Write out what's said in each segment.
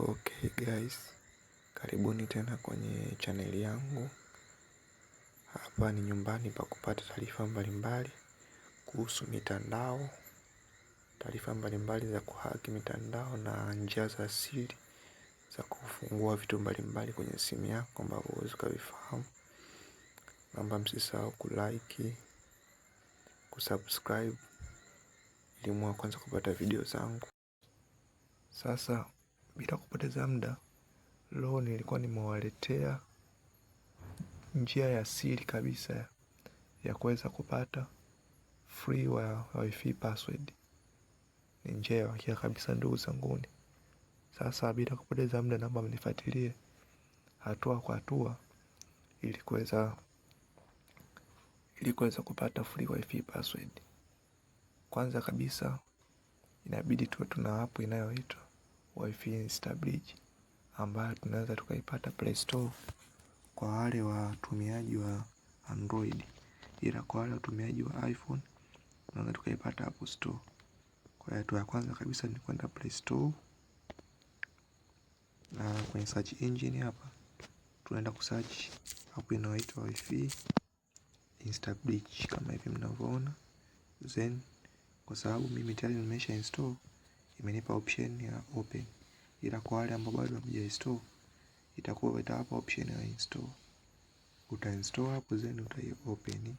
Okay guys, karibuni tena kwenye chaneli yangu. Hapa ni nyumbani pa kupata taarifa mbalimbali kuhusu mitandao, taarifa mbalimbali za kuhaki mitandao na njia za siri za kufungua vitu mbalimbali kwenye simu yako ambavyo huwezi ukavifahamu. Naomba msisahau kulike, kusubscribe ili mwa kwanza kupata video zangu. Sasa bila kupoteza muda, leo nilikuwa nimewaletea njia ya siri kabisa ya kuweza kupata free wa wifi password. Ni njia ya kabisa ndugu zanguni. Sasa bila kupoteza muda, naomba mnifuatilie hatua kwa hatua ili kuweza ili kuweza kupata free wifi password. Kwanza kabisa inabidi tuwe tuna app inayoitwa wifi bridge ambayo tunaweza tukaipata Play Store kwa wale watumiaji wa Android ila kwa wale watumiaji wa iPhone tunaweza tukaipata App Store. Kwa hiyo hatua ya kwanza kabisa ni kwenda Play Store na kwenye search engine hapa tunaenda kusearch hapo inayoitwa wifi bridge kama hivi mnavyoona, then kwa sababu mimi tayari nimesha install imenipa option ya open, ila kwa wale ambao bado hamja install itakuwa itawapa option ya install. Uta install hapo then utai open,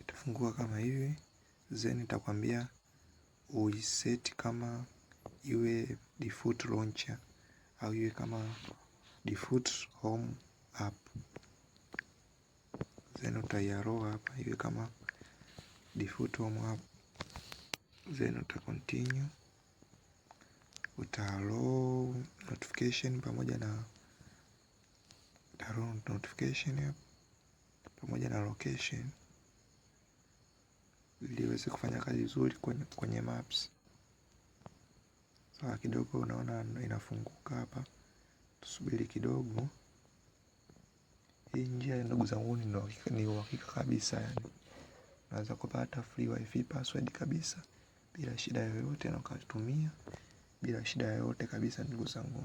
itafungua kama hivi, then itakwambia uiset kama iwe default launcher au iwe kama default home app, then utaiaroa hapa iwe kama default foot warm up then uta continue uta allow notification pamoja na allow notification hapo pamoja na location ili iweze kufanya kazi vizuri kwenye, kwenye maps sawa kidogo unaona inafunguka hapa tusubiri kidogo hii njia ndugu zangu ni uhakika kabisa yani unaweza kupata free wifi password kabisa bila shida yoyote na ukatumia bila shida yoyote kabisa ndugu zangu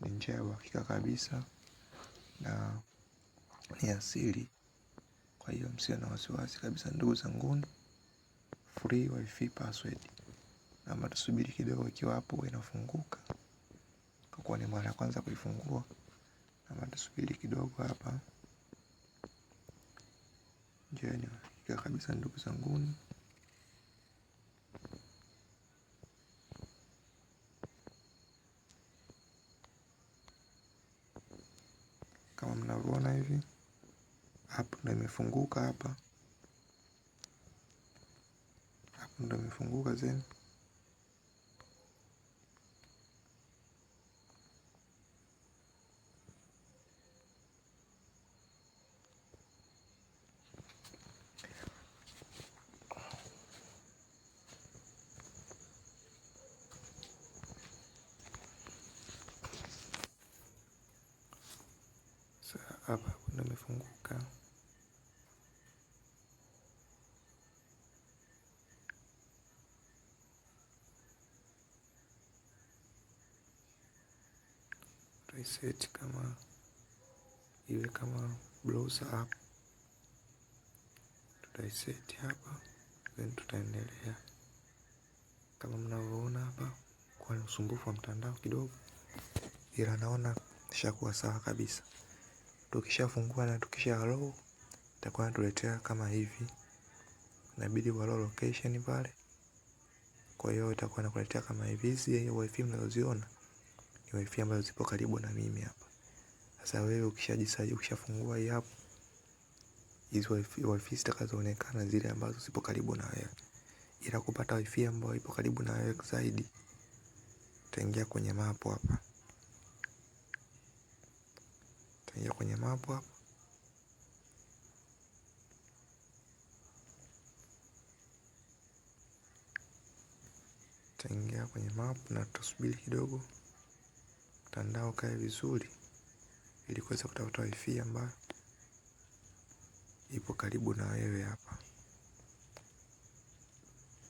ni njia ya uhakika kabisa na ni asili kwa hiyo msio na wasiwasi kabisa ndugu zangu, free wifi password ama tusubiri kidogo ikiwa hapo inafunguka kwa kuwa ni mara ya kwanza kuifungua ama tusubiri kidogo hapa Njia ni kabisa ndugu zanguni. Kama mnavyoona hivi hapo ndo imefunguka hapa, hapo ndo imefunguka zeni. Hapa kuna imefunguka. Reset kama iwe kama browser app, tutaiset hapa then tutaendelea. Kama mnavyoona hapa, kwa usumbufu wa mtandao kidogo, ila naona ishakuwa sawa kabisa. Tukishafungua na tukisha allow itakuwa inatuletea kama hivi. Inabidi wa allow location pale. Kwa hiyo itakuwa inakuletea kama hivi. Hizi wifi mnazoziona ni wifi ambazo zipo karibu na mimi hapa. Sasa wewe ukishajisajili ukishafungua hii app hizo wifi, wifi zitakazoonekana zile ambazo zipo karibu na wewe. Ila kupata wifi ambayo ipo karibu na wewe zaidi utaingia kwenye mapo hapa. Naingia kwenye mapu hapa. kwenye mapu na tutasubiri kidogo mtandao kae vizuri, ili kuweza kutafuta wifi ambayo ipo karibu na wewe hapa.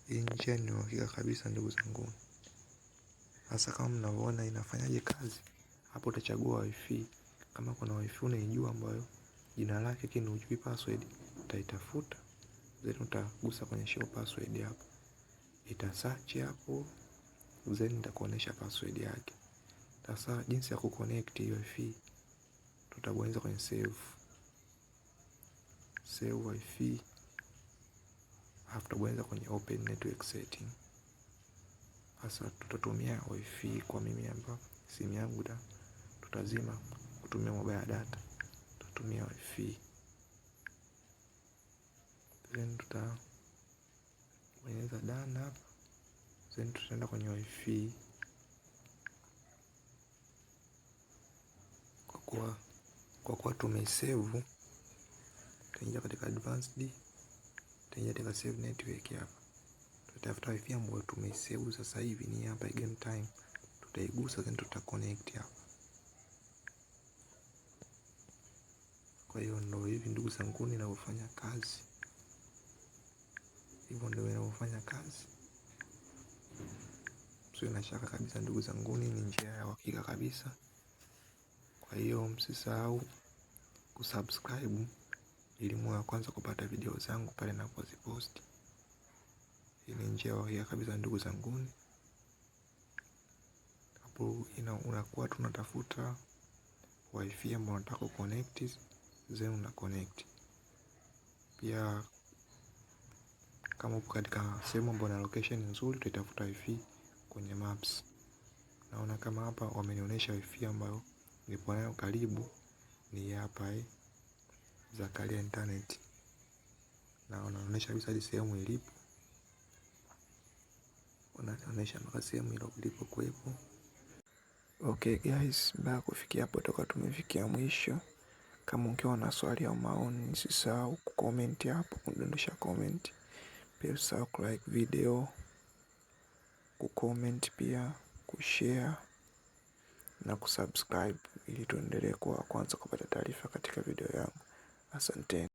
Hii njia ni uhakika kabisa ndugu zangu. Sasa kama mnavyoona inafanyaje kazi, hapo utachagua wifi kama kuna wifi unaijua ambayo jina lake lakini hujui password utaitafuta then utagusa kwenye show password hapo. Ita search hapo then nitakuonesha password yake. Sasa jinsi ya kuconnect wifi tutabonyeza kwenye save. Save wifi after bonyeza kwenye open network setting. Sasa tutatumia wifi kwa mimi ambapo simu yangu tutazima kutumia mobile data tutatumia wifi then tutabonyeza done hapa then tutaenda kwenye wifi kwa kuwa kwa kuwa tumeisevu tutaingia katika advanced tutaingia katika save network hapa tutafuta wifi ambayo tumeisevu sasa hivi ni hapa game time tutaigusa then tutaconnect hapa Kwa hiyo ndo hivi ndugu zanguni navyofanya kazi. Hivyo ndio navyofanya kazi. Sio na shaka kabisa ndugu zanguni ni njia ya uhakika kabisa. Kwa hiyo msisahau kusubscribe ili muwe wa kwanza kupata video zangu pale ninapoziposti. Hii ni njia ya uhakika kabisa ndugu zanguni. Hapo unakuwa tunatafuta wifi ambayo unataka kuconnect then una connect. Pia kama uko katika sehemu ambayo na location nzuri, tutafuta wifi kwenye maps. Naona kama hapa wamenionyesha wifi ambayo nipo nayo karibu ni hapa eh, Zakaria Internet, na wanaonyesha kabisa hadi sehemu ilipo, wanaonyesha mpaka sehemu ilipo kuwepo. Okay guys, mpaka kufikia hapo toka tumefikia mwisho. Kama ukiwa na swali au maoni, usisahau kukomenti hapo, kudondosha comment. Pia usisahau kulike video, kukomenti pia, kushare na kusubscribe ili tuendelee kuwa kwanza kupata taarifa katika video yangu. Asanteni.